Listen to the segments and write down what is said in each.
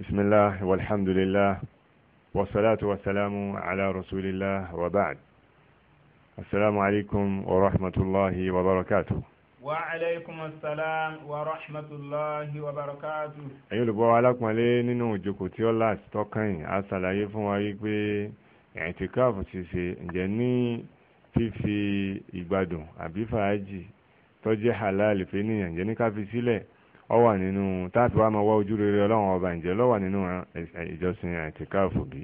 بسم الله والحمد لله والصلاة والسلام على رسول الله وبعد السلام عليكم ورحمة الله وبركاته وعليكم السلام ورحمة الله وبركاته أيها الأخوة عليكم عليه ننو جوكو تيولا ستوكين أسأل يفهم ويكوي اعتكاف سيسي جني في في àbí أبي tó jẹ́ halal fẹ́ جني jẹ́ ní ọ wà nínú táàfì wa máa wá ojú rere ọlọ́run ọba ǹjẹ́ lọ́wọ́ nínú ìjọsìn àìtìkáàfù bí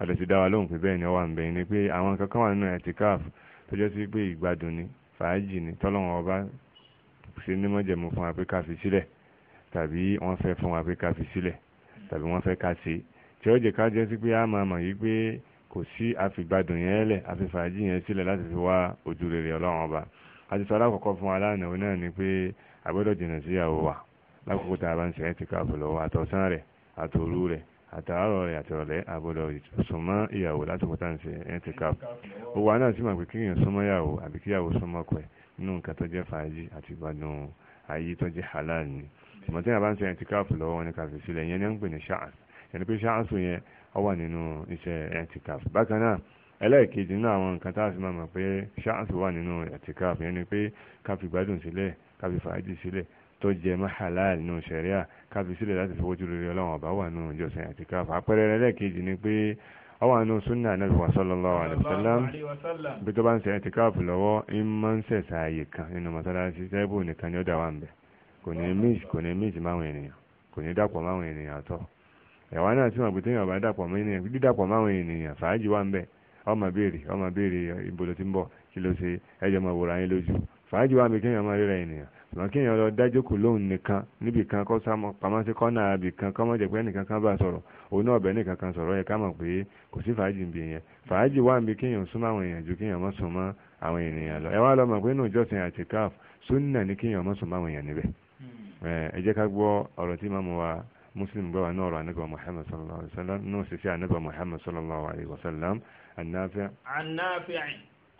àti ti lóhùn pé bẹ́ẹ̀ ni ọ wà ń bẹ̀yìn ni pé àwọn nǹkan kan wà nínú àìtìkáàfù tó jẹ́ sí pé ìgbádùn ni fàájì ni tọ́lọ́run ọba ṣe ní mọ́jẹ̀mú fún wa pé ká fi sílẹ̀ tàbí wọ́n fẹ́ fún wa pé ká fi sílẹ̀ tàbí wọ́n fẹ́ ká ṣe tí ó jẹ́ ká jẹ́ sí pé a máa mọ̀ yí pé kò sí àfìgbádùn yẹn lẹ̀ àfìfàájì wa lákòókò tá a bá ń ṣe ẹtíkáàfù lọ́wọ́ àtọ̀sán rẹ̀ àtòru rẹ̀ àtàárọ̀ rẹ̀ àtọ̀rọ̀lẹ́ àbọ̀dọ̀ súnmọ́ ìyàwó lásìkò tá à ń ṣe ẹtíkáàfù gbogbo àná sì mà pé kíyàn súnmọ́ ìyàwó àbí kíyàwó súnmọ́ ọkọ ẹ̀ nínú nǹkan tó jẹ́ fàájì àti ìgbádùn ayé tó jẹ́ halal ni ṣùgbọ́n tí a bá ń ṣe ẹtíkáàfù lọ́wọ́ wọn ni kàfi sílẹ̀ yẹn ni à ń pè ní ṣáàs yẹn pé ṣáàsù yẹn ọ wà nínú iṣẹ́ náà àwọn nǹkan tá a fi máa mọ̀ pé ṣáàsù wà nínú ẹtíkáàfù yẹn ni pé káfi gbádùn sílẹ̀ káfi fàájì sílẹ̀ tó jẹ mọ́ halal nù sẹ̀ríà kábí sílẹ̀ láti fi wójú lórí ọlọ́run ọba wà nù ìjọsìn àti káfà àpẹẹrẹ rẹ ni pé ó nù súnà náà wà sallallahu alaihi wasallam bí tó bá ń àti kan nínú mọ́sálásí tẹ́bù nìkan ni ó dà wà ń kò ní kò ní máwọn ènìyàn kò ní dàpọ̀ máwọn ènìyàn náà téèyàn bá dàpọ̀ máwọn ṣùgbọ́n kéèyàn lọ dájókòó lóhùn nìkan níbì kan kọ́ sámọ́ pamọ́ sí kọ́nà àbì kan kọ́mọ́ jẹ́ kan bá sọ̀rọ̀ òun náà bẹ́ẹ̀ nìkan sọ̀rọ̀ yẹ ká mọ̀ pé kò sí fàájì ń bì yẹn fàájì wà ń bi kéèyàn súnmọ́ àwọn èèyàn ju kéèyàn mọ́ sùn mọ́ àwọn ènìyàn lọ ẹ wá lọ mọ̀ pé nù jọ́sìn àti káf súnà ní kéèyàn mọ́ sùn mọ́ àwọn èèyàn níbẹ̀ ẹ jẹ́ ká gbọ́ ọ̀rọ̀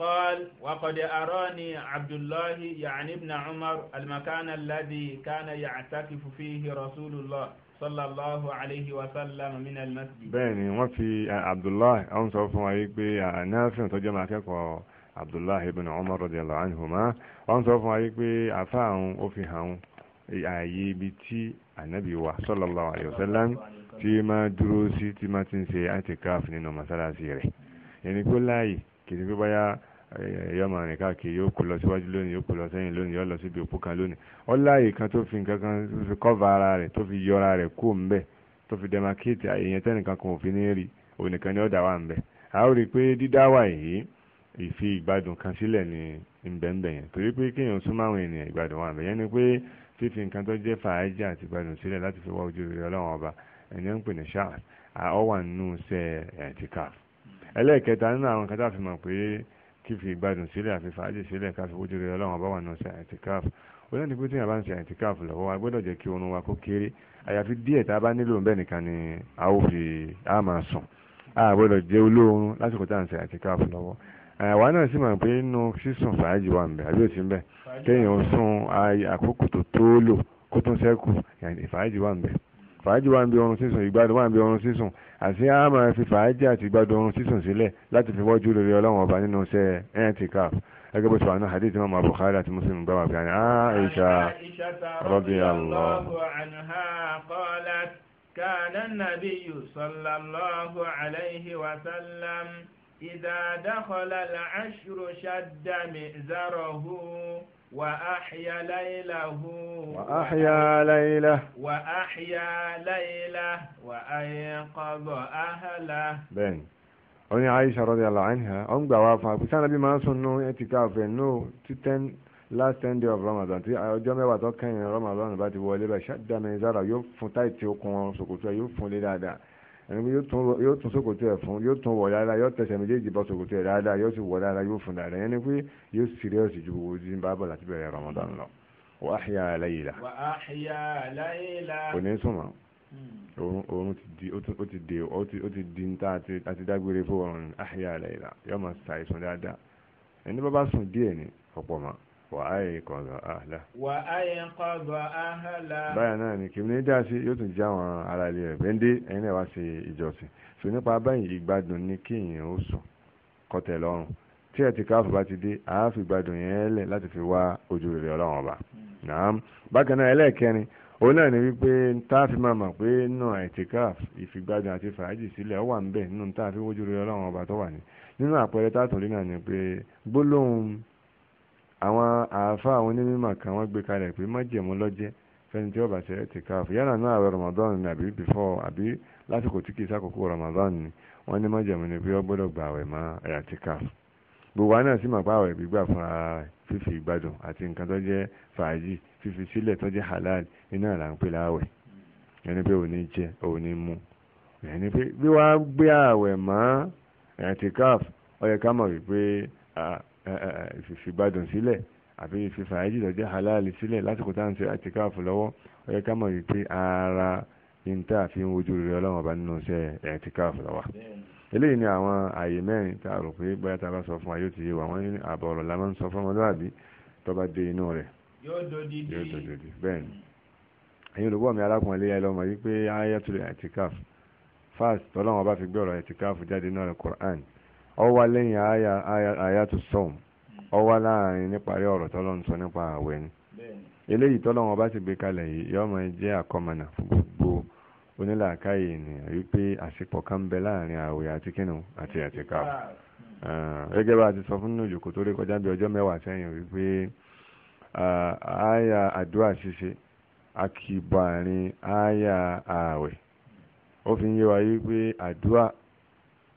قال وقد أراني عبد الله يعني ابن عمر المكان الذي كان يعتكف فيه رسول الله صلى الله عليه وسلم من المسجد بني وفي عبد الله أنصر فوائق بنافع تجمع كيكو عبد الله بن عمر رضي الله عنهما أنصر فوائق بأفاهم وفيهم ààyè بتي النبي ànábì الله عليه وسلم wa sallam tí máa dúró sí tí máa ti ń ṣe àtìkáàfù nínú yọ máa rìn káàkiri yóò kó lọ síwájú lónìí yóò kó lọ sẹ́yìn lónìí yóò lọ síbi òpó kan lónìí ọláyè kan tó fi nǹkan kan tó fi kọ́va ara rẹ̀ tó fi yọ ara rẹ̀ kó ń bẹ̀ tó fi dẹ́mákéètì èèyàn tẹ́nìkan kan òfin ní rí ònìkan ni ó dà wà ń a ó rí i pé dídá wà yìí ìfi ìgbádùn kan sílẹ̀ ní ìbẹ̀ǹbẹ̀ yẹn torí pé kéèyàn súnmọ́ àwọn ènìyàn ìgbádùn wà ń yẹn ni pé fífi nǹkan tó jẹ́ fàájì àti ẹlẹ́ẹ̀kẹta nínú àwọn kan tá a fi mọ̀ pé fífi ìgbádùn sílẹ̀ àfi fàájì sílẹ̀ káfí ojú rere ọlọ́run ọba wà nù sí àìtíkáf olóyìn ní pété àbá ń ṣe àìtíkáf lọ́wọ́ wa gbọ́dọ̀ jẹ́ kí oorun wa kó kéré àyàfi díẹ̀ tá a bá nílò bẹ́ẹ̀ nìkan ni a ó fi a máa sùn a gbọ́dọ̀ jẹ́ olóorun lásìkò tá à ń ṣe àìtíkáf lọ́wọ́ àwa náà sì máa pé inú sísùn fàájì wà ń bẹ àbí òsì ń bẹ kéèyàn sùn àkókò tó tó lò kó tún sẹ́kù ìfàájì wà ń fàájì wà ń bi oorun sísùn ìgbádùn wà ń bi oorun sísùn àti a máa fi fàájì àti ìgbádùn oorun sísùn sílẹ̀ láti fi wọ́jú lórí ọlọ́run ọba nínú iṣẹ́ ẹ̀ẹ́tìkáf gẹ́gẹ́ bó ṣe wà ní hadith imam Bukhari àti Muslim gbàgbà bí i Aisha radiyallahu anha qalat kana an sallallahu alayhi wa sallam إذا دخل العشر شد مئزره وأحيا ليله وأحيا ليله وأحيا ليله وأيقظ أهله بين oni aisha radiyallahu anha ó ń gbà wá fún àpùsá nàbí máa ń sùn nú ẹtìkáàfù ẹnú tí ten last ten day of ramadan tí ọjọ́ mẹ́wàá tó kẹ́yìn ramadan bá ti wọlé bá ṣáàdá mẹ́rin zára yóò fún táìtì okùn ṣòkòtò yóò fún lé dáadáa ẹni yóò tún ṣòkòtò ẹ̀ fún yóò tún wọ̀ dáadáa yóò tẹsẹ̀ méjèèjì bọ́ ṣòkòtò ẹ̀ dáadáa yóò sì wọ̀ dáadáa yóò fún dáadáa yẹn pé yóò serious ju gbogbo ojú ní láti bẹ̀rẹ̀ Ramadan lọ. wà á yà láyìlá. wà á yà láyìlá. kò ní sùn mọ́ hmm. oorun ó ti dé ó ti di níta àti dágbére fún oorun àyà láyìlá yóò máa ṣàìsùn dáadáa ẹni bá bá sùn díẹ̀ ni ọ̀pọ̀ máa وأيقظ أهله وأيقظ أهله báyìí náà ni kí ni dá sí yóò tún já wọn ara ilé rẹ̀ bẹ́ndé ẹ̀yin náà wá sí ìjọsìn so nípa báyìí ìgbádùn ni kí èèyàn ó sùn kọtẹ̀ lọ́rùn tí ẹ̀ ti káfù bá ti dé àá fi yẹn lẹ̀ láti fi wá ojú rere ọlọ́run ọba hmm. bákan náà ẹlẹ́ẹ̀kẹrin òun náà ni wípé tá a fi máa mọ̀ pé nù àìtíkáf ìfigbádùn àti fàájì sílẹ̀ ó wà ń bẹ̀ nínú tá a fi wójú rere ọlọ́run ọba tó wà ní nínú àpẹẹrẹ tá a tún rí náà ni pé gbólóhùn àwọn àáfà àwọn onímọ̀ kan wọ́n gbé kalẹ̀ pé májẹ̀mú lọ́jẹ́ fẹ́ni tí ó bá ṣe ẹ̀tìkáàfù yálà náà àwẹ̀ Ramadan ni àbí before àbí lásìkò tí kì í sákòókò Ramadan ni wọ́n ní májẹ̀mú ni pé ó gbọ́dọ̀ gba àwẹ̀ mọ́ ẹ̀tìkáàfù gbogbo àná sì mọ̀ pé àwẹ̀ gbígbà fún ara fífi ìgbádùn àti nǹkan tó jẹ́ fàájì fífi sílẹ̀ tó jẹ́ halal iná là ń pè láwẹ̀ ẹni pé òní jẹ òní mu ẹni pé bí wàá gbé àwẹ̀ mọ́ ẹ̀tìkáàfù ó yẹ ká mọ̀ wípé ìfìgbádùn sílẹ̀ àbí ìfìfàájì lọ́jọ́ halali sílẹ̀ lásìkò tá à ń ṣe àtìkáàfù lọ́wọ́ ó yẹ ká mọ̀ wípé ara níta àfi ń wojú rere ọlọ́run ọba nínú iṣẹ́ àtìkáàfù lọ́wọ́ eléyìí ni àwọn àyè mẹ́rin tá a rò pé bóyá tá a bá sọ fún ayé ti yé wa wọ́n ní àbọ̀ ọ̀rọ̀ la máa ń sọ fún ọmọlúwàbí tó bá dé inú rẹ̀ yóò dòdì bẹ́ẹ̀ ni ẹ̀yin olùgbọ́ mi arákùnrin ilé ẹlọ́mọ yìí pé ayatul àtìkáàfù fast ọlọ́run ọba fi gbé ọ̀rọ̀ àtìkáàfù jáde náà Qur'an ọ wá lẹ́yìn àyà tó sọ̀m ọ wá láàrin níparí ọ̀rọ̀ tọ́lọ́run sọ nípa àwẹ̀ ni eléyìí tọ́lọ́run ọba sì gbé kalẹ̀ yìí yóò máa jẹ́ àkọmọ̀nà fún gbogbo onílàákàyè ènìyàn wípé àṣepọ̀ kan ń bẹ láàrin àwẹ̀ àti kínú àti àtìkà gẹ́gẹ́ bá a ti sọ fún nínú ìjòkó tó rí kọjá bí ọjọ́ mẹ́wàá sẹ́yìn wípé àyà àdúrà ṣíṣe akíbọ̀ àárín àyà ààwẹ̀ ó fi ń yé wa wípé àdúrà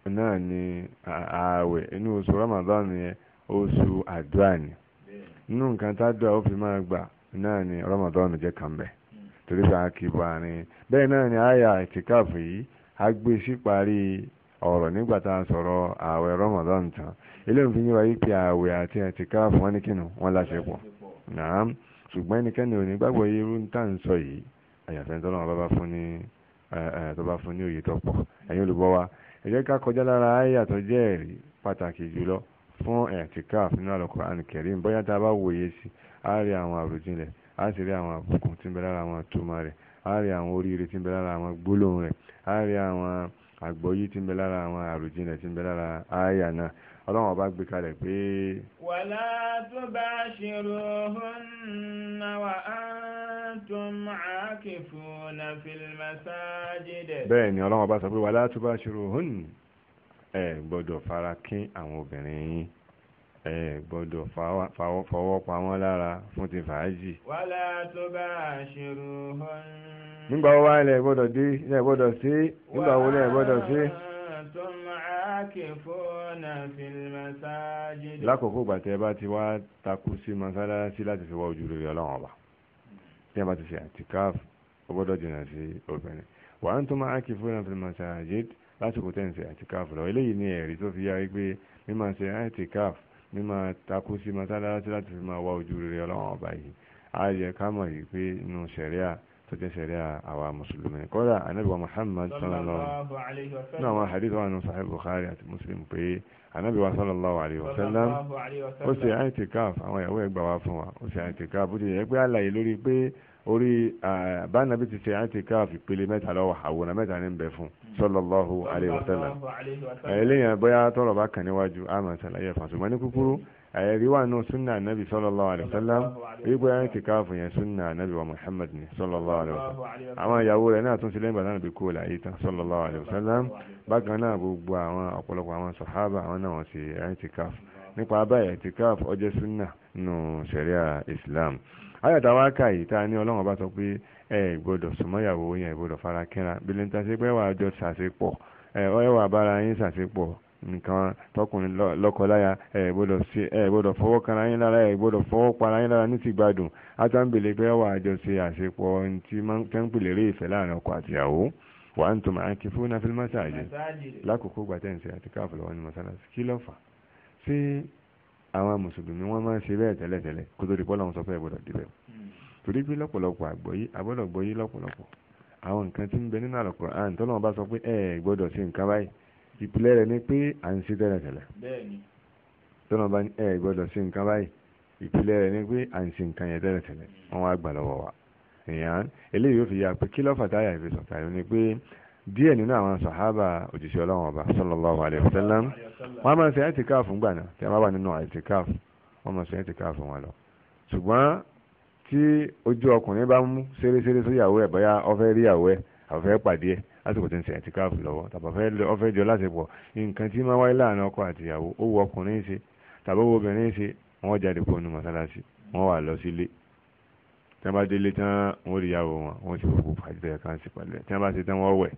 naanị ni ààwẹ̀ inú Ramadan yẹn osu àdúrà ni inú nǹkan tá a fi máa gbà náà Ramadan jẹ kàn bẹ̀ torí sáà kì í bọ̀ àárín bẹ́ẹ̀ náà ni àyà yìí a gbé sí parí a Ramadan tán eléyìí fi wáyé pé àti wọn kínú wọn náà ò ní irú tá sọ yìí bá ẹ jẹ́ ká kọjá lára àyà tó jẹ́ ẹ̀rí pàtàkì jùlọ fún ẹ̀tìkáf nínú Al-Qur'an Karim bóyá tá a bá wòye sí a rí àwọn àròjinlẹ̀ a sì rí àwọn àbùkù tí ń bẹ lára àwọn àtúmọ̀ rẹ̀ a rí àwọn oríire tí ń bẹ lára àwọn gbólóhùn rẹ̀ a rí àwọn tí ń bẹ lára أنتم عاكفون في المساجد bẹ́ẹ̀ ni ọlọ́run ọba sọ pé ولا تباشروهن ẹ gbọ́dọ̀ fara kín àwọn obìnrin yín ẹ gbọ́dọ̀ fọwọ́ pa wọ́n lára fún ti fàájì. wàlá tó bá aṣèrò hàn. nígbà wo wá ilẹ̀ gbọ́dọ̀ dé ilẹ̀ gbọ́dọ̀ sí nígbà wo ilẹ̀ gbọ́dọ̀ sí. lákòókò gbàtẹ́ bá ti wá takú sí mọ́sálásí láti fi wá ojú rere ọlọ́run ọba tí a bá ti ṣe àtìkáf ó gbọ́dọ̀ jìnà sí obìnrin wà á ń tó máa kí fúnra fún masajid lásìkò tẹ́ ń ṣe àtìkáf lọ eléyìí ní ẹ̀rí tó fi yá wípé mímọ̀ ṣe àtìkáf mímọ̀ takú sí masalasi láti fi máa wá ojú rere ọlọ́run ọba yìí á yẹ ká mọ̀ yìí pé inú ṣẹ̀ríà tó jẹ́ ṣẹ̀ríà àwa mùsùlùmí kọ́dà anábì wa muhammad sallallahu alayhi wa sallam náà wọn hadith wa nù sahih bukhari àti muslim pé anábì wa sallallahu alayhi wa sallam ó ṣe àìtìkáf àwọn ìyàwó ẹgbà wa fún wa ó ṣe àìtìkáf ó ti yẹ pé àlàyé lórí pé orí bánabi ti ṣe àìtìkáf ìpele mẹ́ta lọ́wọ́ àwòrán mẹ́ta ní bẹ fún sallallahu alayhi wa ẹ̀rí wà nù súnà nàbì sallallahu alaihi wasallam wípé ẹ̀rí kìkà fún yẹn súnà nàbì wa Muhammad ni sallallahu alaihi wasallam àwọn ìyàwó rẹ̀ náà tún sí lẹ́yìn bàtà nàbì kó láyé tán sallallahu alaihi wasallam bákan náà gbogbo àwọn ọ̀pọ̀lọpọ̀ àwọn sàhábà àwọn náà wọ́n sì ẹ̀rí kìkà nípa báyìí kìkà ọjọ́ súnà nù sẹ̀ríà Islam ayọ̀tà wa kà yìí tá a ní ọlọ́run bá sọ pé ẹ gbọ́dọ̀ súnmọ́yàwó yẹn gbọ́dọ̀ farakínra bí lẹ́ńtà ṣe pé nǹkan tọkùnrin lọ́kọláya ẹ gbọ́dọ̀ ṣe ẹ gbọ́dọ̀ fọwọ́ kan ara yín lára ẹ gbọ́dọ̀ fọwọ́ pa ara yín lára ní ti gbádùn átàǹbẹ̀lẹ̀ pé wà á jọ ṣe àṣepọ̀ tí tẹ́ǹpìlẹ̀ rí ìfẹ́ láàrin ọkọ àtìyàwó wà á ń tọmọ àti fún àfihàn mọ́sáàjì lákòókò gbàtẹ́ǹsì àti káàfù lọ́wọ́ ní mọ́sálásí kí ló fà ṣé àwọn mùsùlùmí wọ́n máa ń ṣe bẹ́ẹ̀ tẹ́lẹ̀tẹ́lẹ̀ kó tó di pọ́lọ́ wọn sọ fẹ́ gbọ́dọ̀ dìbẹ̀ hmm ìpìlẹ̀ rẹ̀ ni pé à ń ṣe tẹ́lẹ̀tẹ́lẹ̀ tọ́nà bá ẹ gbọ́dọ̀ sí nǹkan báyìí ìpìlẹ̀ rẹ̀ ni pé à ń ṣe nǹkan yẹn tẹ́lẹ̀tẹ́lẹ̀ wọ́n wá gbà lọ́wọ́ wa èèyàn eléyìí yóò fi ya pé kí lọ́fà táyà ìfi sọ̀tà yìí ni pé díẹ̀ nínú àwọn sàhábà òjíṣẹ́ ọlọ́run ọba sallallahu alaihi wasallam wọ́n máa ń ṣe ẹ̀tìkáàfù ńgbà náà tí a bá wà nínú ẹ̀tìkáàfù wọ́n máa ń ṣe ẹ̀tìkáàfù wọn lọ ṣùgbọ́n tí ojú ọkùnrin bá mú ṣeréṣeré lásìkò tí ń ṣe ẹ̀tíkáàfù lọ́wọ́ tàbí ọ̀fẹ́ jọ láti pọ̀ nǹkan tí máa wáyé láàrin ọkọ àti ìyàwó ó wọ ọkùnrin ṣe tàbí owó obìnrin ṣe wọ́n jáde kó nu mọ́sálásí wọ́n wà lọ sílé tí wọ́n bá délé tán wọ́n rí ìyàwó wọn wọ́n ti gbogbo pàdé kan sí pàdé tí wọ́n bá ṣe tán wọ́n wẹ̀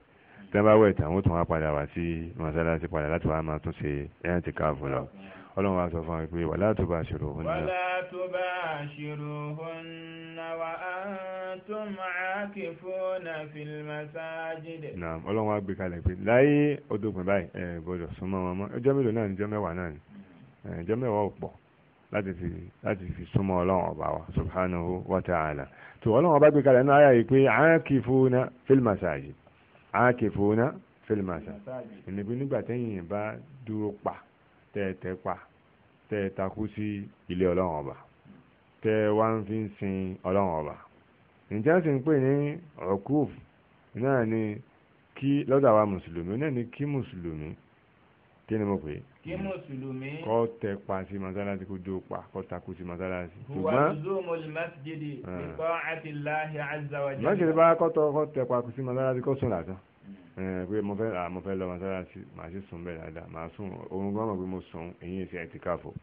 tí wọ́n bá wẹ̀ tán wọ́n tún wá padà wá sí mọ́sálásí padà láti wá máa tún ṣe ẹ̀tíkáàfù lọ ọlọ́run wa sọ fún wa pé wala tubashiruhunna. wala tubashiruhunna wa antum aakifuna fil masajid. naam ọlọ́run wa gbé kalẹ̀ pé láyé odògùn báyìí ẹ gbọ́dọ̀ súnmọ́ wọn mọ́ ọjọ́ mélòó náà ní ọjọ́ mẹ́wàá náà ní ọjọ́ mẹ́wàá ò pọ̀ láti fi láti fi súnmọ́ ọlọ́run ọba wa subhanahu wa ta'ala tó ọlọ́run ọba gbé kalẹ̀ náà ayà yìí pé aakifuna fil masajid aakifuna fil masajid ìnìbí nígbà tẹ́yìn bá dúró pa tẹ́ ẹ tẹ́ pa tẹ́ ẹ takú sí ilé ọlọ́run ọba tẹ́ ẹ wá ń fi sin ọlọ́run ọba ǹjẹ́ sì ń pè ní ọ̀kúf náà ni kí lọ́dọ̀ àwa mùsùlùmí náà ni kí mùsùlùmí kí ni mo pè é kí mùsùlùmí kó tẹpa sí masalasi kó jó pa kó takú sí masalasi. wà luzumul masjidi bi ah. ta'atillahi azza wa jalla. mọ́sídìí bá kó tẹpa sí masalasi kó sùn lásán. Eh, pé mo fẹ́ àmọ́ fẹ́ lọ mọ́sálásí màá sì sùn bẹ́ẹ̀ dáadáa màá sùn oorun gan mọ̀ pé mo sùn èyí èsì àìtìkáàfọ̀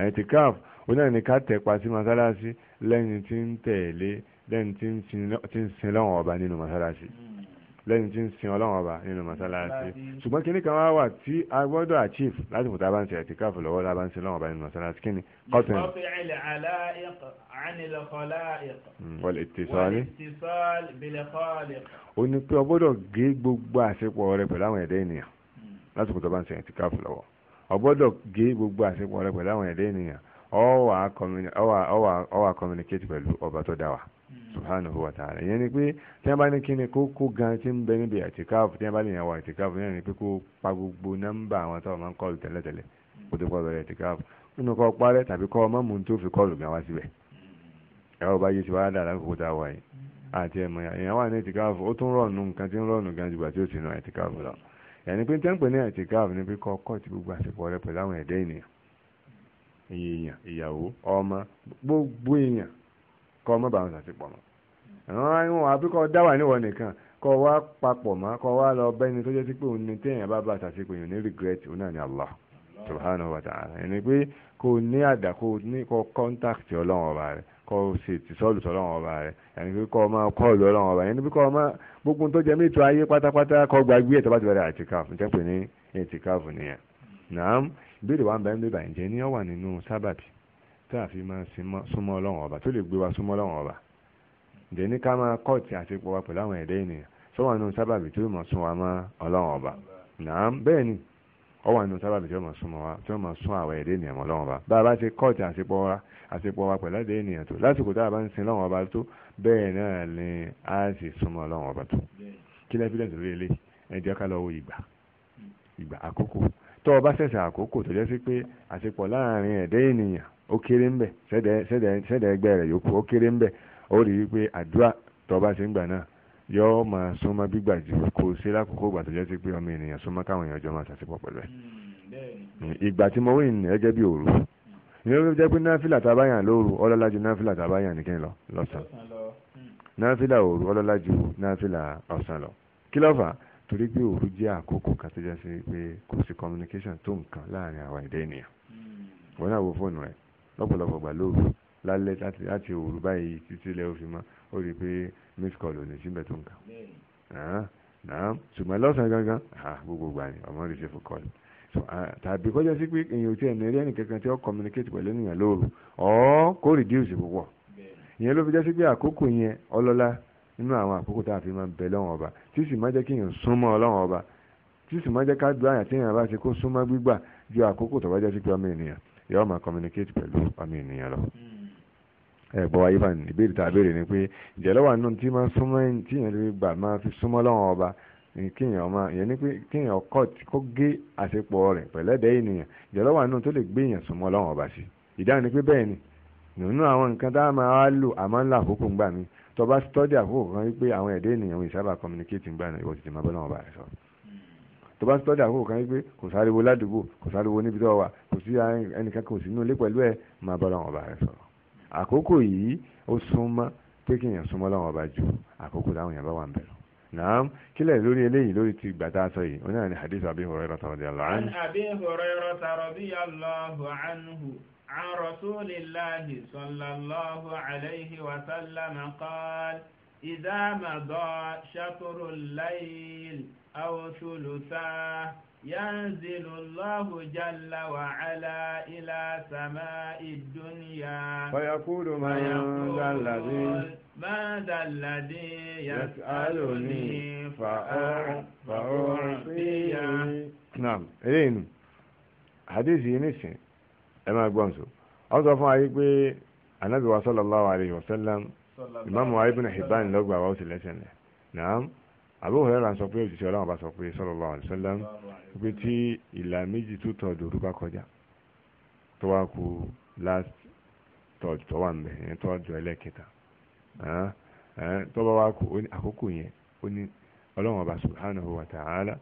àìtìkáàfọ̀ ó náà ní ká tẹ̀pa sí mọ́sálásí lẹ́ni tí ń tẹ̀lé lẹ́ni tí ń sin lọ́wọ́ ọba nínú mọ́sálásí lẹ́ni tí ń sin ọlọ́run ọba nínú mọ́sálásí ṣùgbọ́n kíní kan wá wà tí a gbọ́dọ̀ achieve láti fòtá bá ń ṣe ẹ̀tì káàfù lọ́wọ́ lábá ń sin ọlọ́run ọba nínú mọ́sálásí kíní kọ́tìn. Hmm, wal ittisal bil khaliq. ó ní pé o gbọ́dọ̀ gé gbogbo àṣepọ̀ rẹ pẹ̀lú àwọn ẹ̀dá ènìyàn láti fòtá bá ń ṣe ẹ̀tì káàfù lọ́wọ́ o gbọ́dọ̀ gé gbogbo àṣepọ̀ rẹ pẹ̀lú àwọn ẹ̀dá ènìyàn ó wá communicate pẹ̀lú ọba tó dá subhanahu wa ta'ala yẹn ni pé tí wọn bá ní kí ni kó kó gan tí ń bẹ níbi àtìkáàfù tí wọn bá lè yàn yẹn ni pé kó pa gbogbo nọ́mbà àwọn tó máa ń kọlù tẹ́lẹ̀tẹ́lẹ̀ kó tó kọlù rẹ àtìkáàfù nínú kọ parẹ́ tàbí kọ ọmọ mu tó fi kọlù gan wá síbẹ̀ ẹ̀rọ bá yé ti wá dà lákòókò tá a wà àti ẹ̀mọ̀ èèyàn wà ní àtìkáàfù ó tún rọ̀nù nǹkan tí ń rọ̀nù gan jùgbà tí ó ti nù àtìkáàfù lọ ni pé kọ́ ọkọ̀ ti gbogbo àsìkò rẹ pẹ̀lú àwọn ẹ̀dẹ́ ènìyàn èèyàn ìyàwó ọmọ gbogbo èèyàn kọ́ mọ́ bàwọn sàṣepọ̀ mọ́ àwọn àìwọ̀n àbíkọ́ dáwà níwọ̀ nìkan kọ́ wá papọ̀ mọ́ kọ́ wá lọ bẹ́ni tó jẹ́ sí pé òun ni téèyàn bá bá sàṣepọ̀ yìí ní regret òun náà ni Allah subhanahu wa ta'ala ẹni pé kò ní àdá kò ní kọ́ contact ọlọ́run ọba rẹ̀ kọ́ ṣe ìtìsọ́ọ̀lù sọ́lọ́run ọba rẹ̀ ẹni pé kọ́ máa kọ́ọ̀lù ọlọ́run ọba ẹni pé kọ́ máa gbogbo tó jẹ́ mẹ́tọ́ ayé pátápátá kọ́ gbàgbé ẹ̀ tó bá ti bẹ̀rẹ̀ àtìkáfù jẹ́ pé ní ètìkáfù nìyẹn. nàám ìbéèrè wa ń bẹ́ẹ̀ ń bẹ́ẹ̀ bàjẹ́ ní ó wà nínú sábàbí táàfin máa súnmọ́ ọlọ́run ọba tó lè gbé wa súnmọ́ ọlọ́run ọba ǹjẹ́ ní ká máa kọ́ọ̀tì àṣepọ̀ wa pẹ̀lú àwọn ẹ̀dá ènìyàn sọ́wọ́n nínú sábàbí tí ó mọ̀ sún wa mọ́ ọlọ́run ọba nàá bẹ́ẹ̀ ni ọwọ́ nínú sábàbí tí ó mọ̀ súnmọ́ wa tí ó mọ̀ sún àwọn ẹ̀dá ènìyàn mọ́ ọlọ́run ọba bá a bá ṣe kọ́ọ̀tì àṣepọ̀ wa àṣepọ̀ wa pẹ̀lú ẹ̀dá ènìyàn tó lásìkò tá a bá ń sin ọlọ́run ọba tó bẹ́ẹ̀ náà ni a sì súnmọ́ ọlọ́run ọba tó kí lẹ́bí lẹ́sìn lórí ilé ẹ jẹ́ ká lọ ìgbà ìgbà àkókò tó o bá ṣẹ̀ṣẹ̀ àkókò tó jẹ́ sí pé àṣepọ̀ láàrin ẹ̀dá ènìyàn ó kéré ń bẹ̀ sẹ́dẹ̀ ẹgbẹ́ rẹ̀ yòókù ó kéré ń bẹ̀ ó rí i pé àdúrà tó bá ṣe ń gbà náà yóò máa súnmọ́ gbígbà jù kó ṣe lákòókò ìgbà tó jẹ́ sí pé ọmọ ènìyàn súnmọ́ káwọn èèyàn jọ máa ṣàṣepọ̀ pẹ̀lú ẹ̀ hmm, ìgbà tí mo wí ní ẹgẹ́ bí òru ìyẹn ló jẹ́ pé náfìlà tábáyàn lóru ọlọ́lá ju náfìlà tábáyàn nìkan lọ lọ́sàn hmm. náfìlà òru ọlọ́lá ju náfìlà ọ̀sán lọ kí ló fà torí pé òru jẹ́ àkókò kan sí pé kò sí communication tó nǹkan láàrin àwa ìdẹ́ ènìyàn hmm. wọ́n náà wo fóònù rẹ̀ lọ́pọ̀lọpọ̀ gbà lóòrù lálẹ́ láti òru báyìí títí ilẹ̀ òfin mọ́ ó rí i pé miss call ò ní síbẹ̀ tó ń kà náà ṣùgbọ́n lọ́sàn-án gangan gbogbo gbà ni ọmọ rí ṣe fún call tàbí kọjá sí pé èèyàn tí ẹ̀nà eré ẹnìkankan tí ó communicate pẹ̀lú ènìyàn lóòrù ọ̀ kó reduce púpọ̀ ìyẹn ló fi jẹ́ sí pé àkókò yẹn ọlọ́lá nínú àwọn àkókò tá a fi máa ń bẹ lọ́wọ́n ọba tí sì máa jẹ́ kí èèyàn súnmọ́ ọlọ́wọ́n ọba tí sì máa jẹ́ ká dùn àyàn tí èèyàn bá ṣe kó súnmọ́ gbígbà ju àkókò tó bá jẹ́ sí pé ọmọ ènìyàn yóò máa communicate pẹ̀lú ọmọ ènìyàn lọ hmm. ẹ̀bọ̀ ayé báyìí ìbéèrè tá a béèrè ni pé ìjẹ́lẹ̀ wà nínú tí máa súnmọ́ tí èèyàn lè gbà máa fi súnmọ́ lọ́wọ́n ọba kíyàn ọmọ ìyẹn ni pé kíyàn ọkọ̀ kó gé àṣepọ̀ rẹ̀ pẹ̀lẹ́dẹ̀ ènìyàn ìjẹ́lẹ̀ wà nínú tó lè gbé èèyàn súnmọ́ lọ́wọ́n ọba sí ìdáhùn ni pé bẹ́ẹ̀ ni nínú àwọn nǹkan tá a máa lò àmọ́ ńlá àkókò ńgbà mi tó bá study àkókò kan wípé àwọn ẹ̀dẹ́ ènìyàn ìsábà communicate ńgbà náà ìwọ tó bá sọ́dọ̀ àkókò kan wípé kò sáriwo ládùúgbò kò sáriwo níbi tó wà kò sí ẹnìkan kò sí ilé pẹ̀lú ẹ máa bá ọlọ́run ọba rẹ sọ̀rọ̀ àkókò yìí ó súnmọ́ pé kí èèyàn súnmọ́ ọlọ́run ọba ju àkókò táwọn èèyàn bá wà ń bẹ̀rù naam kílẹ̀ lórí eléyìí lórí ti gbà tá a sọ yìí ó náà hadith abi hurairah radiyallahu anhu. an abi hurairah radiyallahu anhu an rasulillahi sallallahu alayhi wa sallam qaal idha mada shatrul layl. أو ثلثاه ينزل الله جل وعلا إلى سماء الدنيا فيقول من ذا الذي من ذا الذي يسألني فأعطيه نعم إلين حديث ينسي أما أقوانسو أوضع فún ayé pé anábìwá sallallahu alayhi wa sallam ìmáàmù ayé bínú Hibban lọ́gbà wa ó sì lẹ́sẹ̀ náà àbúrò rẹ̀ rà sọ pé òjijì ọlọ́run bá sọ pé sallallahu alaihi wasallam pé tí ìlà méjì tó tọ̀ dòdú bá kọjá tó wá ku last tọ́jú tó wà mẹ́ ẹ̀ tọ́jú ẹlẹ́kẹta tó bá wá ku àkókò yẹn ó ní ọlọ́run ọba subhanahu wa ta'ala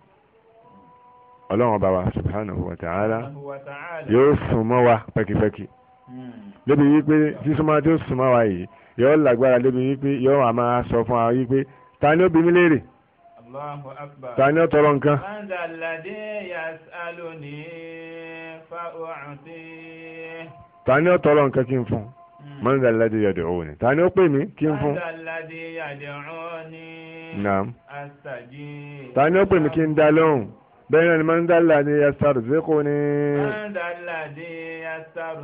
ọlọ́run ọba wa subhanahu wa ta'ala yóò sùn mọ́ wa pẹ́kipẹ́ki débi wípé sísúnmọ́ tó sùn mọ́ wa yìí yóò lágbára débi wípé yóò máa sọ fún wa wípé ta ni ó léèrè tani ọtọrọ nǹkan. tani ọtọrọ nǹkan hmm. kí n fún man dha alladhi yad'uni tani ó pè mí kí n fún. naam tani ó pè mí kí n dá lóhùn bẹ́ẹ̀ ni man dha alladhi yastarziquni.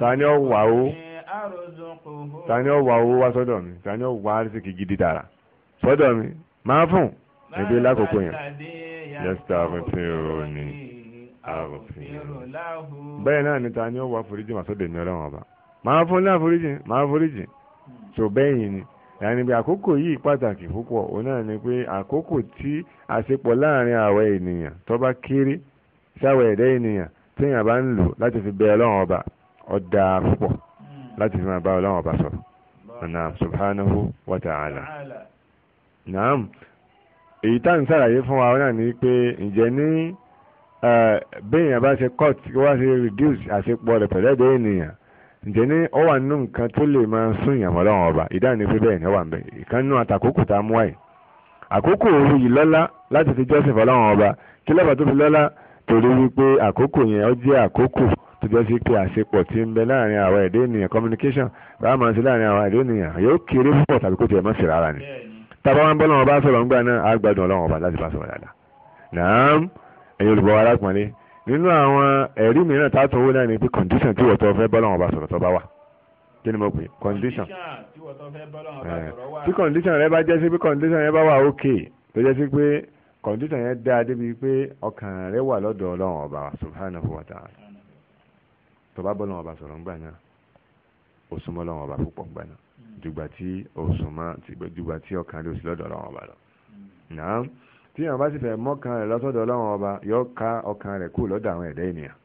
tani ó wà ó tani ó wà ó wá sọ́dọ̀ mi tani ó wà á rí sí kí gidi dára sọ́dọ̀ mi máa fún níbi lákòókò yẹn yẹ́sítà àfihàn ní àfihàn. bẹ́ẹ̀ náà níta ni ó wá foríjì wá sọ́dọ̀ èmi ọlọ́run ọba máa fún ní àforíjì máa foríjì tó bẹ́ẹ̀ yìí ni yàní bí àkókò yìí pàtàkì púpọ̀ òun náà ni pé àkókò tí àṣepọ̀ láàrin àwa ènìyàn tó bá kéré sáwọ ẹ̀dá ènìyàn téèyàn bá ń lò láti fi bẹ ọlọ́run ọba ọ̀dà púpọ̀ hmm. láti fi máa bá ọlọ́run ọba sọ̀rọ̀ naam subhanahu wa ta'ala naam èyí tá à ń sàlàyé fún wa náà ni pé ǹjẹ́ ní béèyàn bá ṣe cut wá ṣe reduce àṣepọ̀ rẹ̀ pẹ̀lú ẹ̀dẹ́ ènìyàn ǹjẹ́ ní ó wà nínú nǹkan tó lè máa sún ìyàmọ́ lọ́wọ́ ọba ìdáhùn ni pé bẹ́ẹ̀ ni ó wà ń bẹ̀ ìkan nínú àtàkókò tá a mú àyè àkókò òru yìí lọ́lá láti fi jọ́sìn fọlọ́wọ́n ọba kí lọ́ba tó fi lọ́lá torí wípé àkókò yẹn ó jẹ́ àkókò tó jẹ́ sí pé àṣepọ̀ ti ń bẹ láàrin àwọn ẹ̀dẹ́ ènìyàn communication bá a máa ṣe láàrin àwọn ẹ̀dẹ́ ènìyàn yóò kéré púpọ̀ tàbí kó tiẹ̀ mọ́ sí rárá ni tàbá wọn bọ́ lọ́wọ́ bá sọ̀rọ̀ ńgbà náà á gbádùn ọlọ́wọ́ ọba láti bá sọ̀rọ̀ dáadáa nàám ẹ̀yin olùbọ̀ arákùnrin nínú àwọn ẹ̀rí mìíràn tààtò owó náà ni pé condition tí wọ́n tọ́ fẹ́ bọ́ lọ́wọ́ ọba sọ̀rọ̀ tọ́ bá wà kí ni mo pè condition eh, tí condition rẹ bá jẹ́ sí pé condition rẹ bá wà okay tó jẹ́ sí pé condition yẹn dáa débi pé ọkàn rẹ wà lọ́dọ̀ ọlọ́wọ́ ọba subhanahu wa ta'ala tó bá bọ́ lọ́wọ́ ọba sọ̀rọ̀ ńgbà náà dùgbà tí o sùn mọ́ dùgbà tí ọkàn rẹ ò sí lọ́dọ̀ ọlọ́run ọba lọ. Mm. náà tí èèyàn bá sì fẹ́ mọ́kàn rẹ̀ lọ́sọ̀dọ̀ ọlọ́run ọba yọ ká ọkàn rẹ̀ kúrò lọ́dọ̀ àwọn ẹ̀dá ènìyàn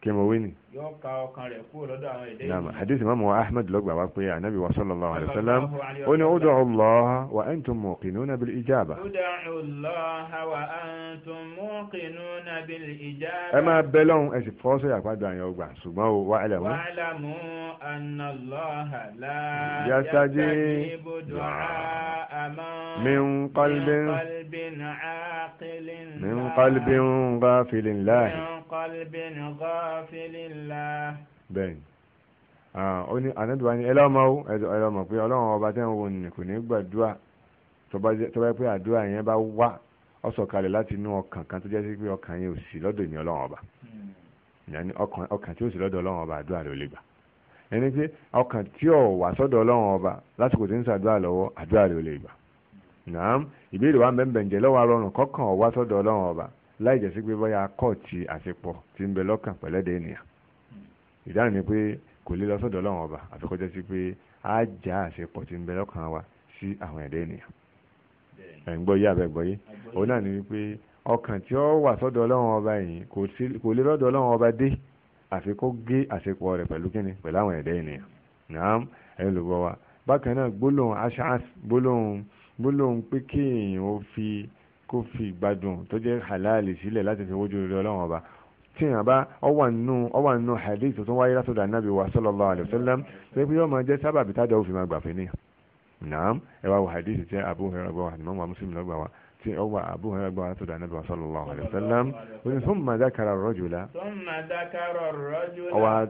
kí mo wí nìyí yóò ka ọkàn rẹ̀ kúrò lọ́dọ̀ àwọn èdè yìí. naam hadith imaamu ahmed ló gbà wá pé anabi wa sallallahu alayhi wa sallam ó ní ud'u allah wa antum muqinuna bil ijaba. ud'u allah wa antum muqinuna bil ijaba. ẹ máa bẹ lọ́hùn ẹ sì fọ́ sọ́yà pàdé àyàn ọgbà ṣùgbọ́n o wa'lamu. wa'lamu anna allah la yastajibu du'a man min qalbin min qalbin ghafilin lahi. min qalbin ghafilin الله bẹ́ẹ̀ni ó ní ànádùá ni ẹlọ́mọ ó ẹlọ́mọ pé ọlọ́run ọba tẹ́ ń wo ni kò ní gbàdúrà tó bá pé àdúrà yẹn bá wá ó sọ̀kalẹ̀ láti inú ọkàn kan tó jẹ́ sí pé ọkàn yẹn ò sí lọ́dọ̀ ní ọlọ́run ọba hmm. yẹn ọkàn tí ó sì lọ́dọ̀ ọlọ́run ọba àdúrà ló lè gbà ẹni pé ọkàn tí ò wà sọ́dọ̀ ọlọ́run ọba lásìkò tí ń sàdúrà lọ́wọ́ àdúrà ló lè gbà nàám ìbéèrè wa bẹ́ẹ̀ bẹ́ẹ̀ lọ́wọ́ arọrùn kọ́kàn ọ̀wá sọ́dọ̀ ọlọ́run ọba láì jẹ́ sí pé bóyá kọ́ọ̀tì àsepọ̀ ti ń bẹ lọ́kàn pẹ̀lẹ́dẹ̀ ènìyàn ìdáhùn ni pé kò lè lọ sọ́dọ̀ ọlọ́run ọba àfikọ́jọ́ sí pé á já àṣepọ̀ tí ń bẹ lọ́kàn wa sí àwọn ẹ̀dá ènìyàn ẹ̀ ń gbọ́ yé àbẹ̀ gbọ́ yé òun náà ni wípé ọkàn tí ó wà sọ́dọ̀ ọlọ́run ọba yìí kò lè lọ́dọ̀ ọlọ́run ọba dé àfi kó gé àṣepọ̀ rẹ̀ pẹ̀lú kíni pẹ̀lú àwọn ẹ̀dá ènìyàn nàám ẹ̀yin ló gbọ́ wa bákan náà gbólóhùn aṣáás gbólóhùn gbólóhùn pé kéèyàn ó fi kó fi ìgbádùn tó jẹ́ halali sílẹ̀ láti fi wójú rere ọba tí èèyàn bá ọwà nù ọwà nù hadith tó wáyé látọ̀dọ̀ anábì wa sallallahu alayhi wa sallam ṣe pé yóò máa jẹ́ sábàbí tájà òfin máa gbà fún ni naam ẹ wá wo hadith tí Abu Hurairah gbà wá Imam Muslim ló gbà wá tí ọwà Abu Hurairah gbà wá látọ̀dọ̀ anábì wa sallallahu alayhi wa sallam ó ní thumma dhakara ar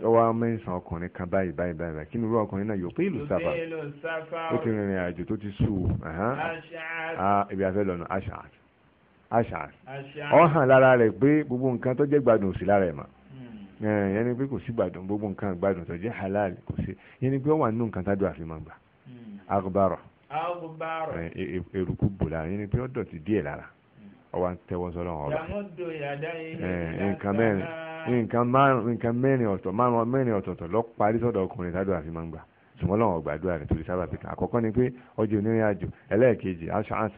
ọwà mẹ́sàn ọkùnrin kan báyìí báyìí báyìí kí ni irú ọkùnrin náà yutilu safar ó ti rìnrìn àjò tó ti sú ah, ibi afẹ́ lọ́nà ash'at àṣà ó hàn lára rẹ̀ pé gbogbo nǹkan tó jẹ́ gbádùn sí lára ẹ̀ A. Hmm. yẹn ni pé kò sí gbádùn gbogbo nǹkan gbádùn tó jẹ́ halal kò sí yẹn ni pé ó wà nínú nǹkan tájú àfi máa gbà hmm. agbára e, e, eruku bò lára yẹn ni pé ó ti díẹ̀ lára hmm. tẹ́wọ́ ọ̀rọ̀ nǹkan mẹ́rin mẹ́rin ọ̀tọ̀ lọ parí sọ́dọ̀ ọkùnrin tájú àfi máa gbà lọ́wọ́ gbàdúrà rẹ̀ torí sábà pé àkọ́kọ́ ni pé ọjọ́ onírìn àjò ẹlẹ́ẹ̀kejì aṣọ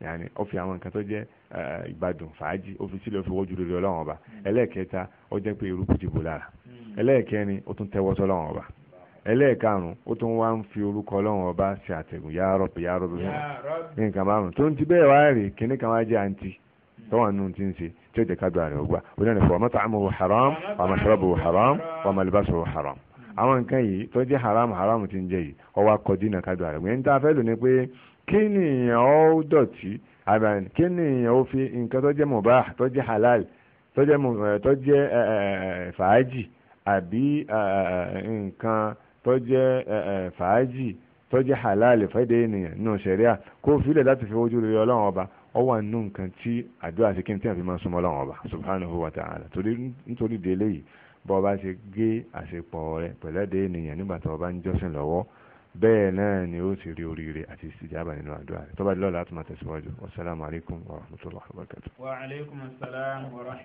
yàni ó fi àwọn nǹkan tó jẹ́ eh, ìgbádùn fàájì ó fi sílẹ̀ ó fi wọ́jú ọba hmm. ẹlẹẹkẹta ó jẹ́ pé irú lára hmm. ẹlẹ́ẹ̀kẹrin ó tún tẹ́wọ́ ọba ẹlẹ́ẹ̀karùn ó tún wá ń fi orúkọ ọlọ́run ọba ṣe àtẹ̀gùn yá fún nǹkan márùn tó ń ti bẹ́ẹ̀ wá rè kíní kan wá jẹ́ àǹtí hmm. ti ń ṣe tí ó jẹ́ ká dùn ọgbà ó kí ni èèyàn ó dọ̀tí àbàní kí ni èèyàn ó fi nǹkan tó jẹ́ mubah tó jẹ́ halal tó jẹ́ eh, tó jẹ́ eh, eh, fàájì àbí nǹkan tó jẹ́ fàájì tó jẹ́ halal fẹ́dẹ̀ ènìyàn nínú ṣẹ̀ríà kó filẹ̀ láti fi ojú rere ọlọ́run ọba ó wà nínú nǹkan tí àdúrà sí kí n tí a fi máa súnmọ́ ọlọ́run ọba subhanahu wa ta'ala nítorí délé yìí bọ́ọ̀ bá ṣe gé àṣepọ̀ rẹ pẹ̀lẹ́dẹ̀ ènìyàn nígbà tó o ń jọ́sìn lọ́wọ́ bẹ́ẹ̀ náà ni ó sì rí oríire àti ìsìjàbà nínú àdúrà rẹ̀ tó bá lọ́la láti máa tẹ̀síwájú wassalamu alaikum warahmatullahi wabarakatuh. wa alaikum assalam wa rahmatullahi.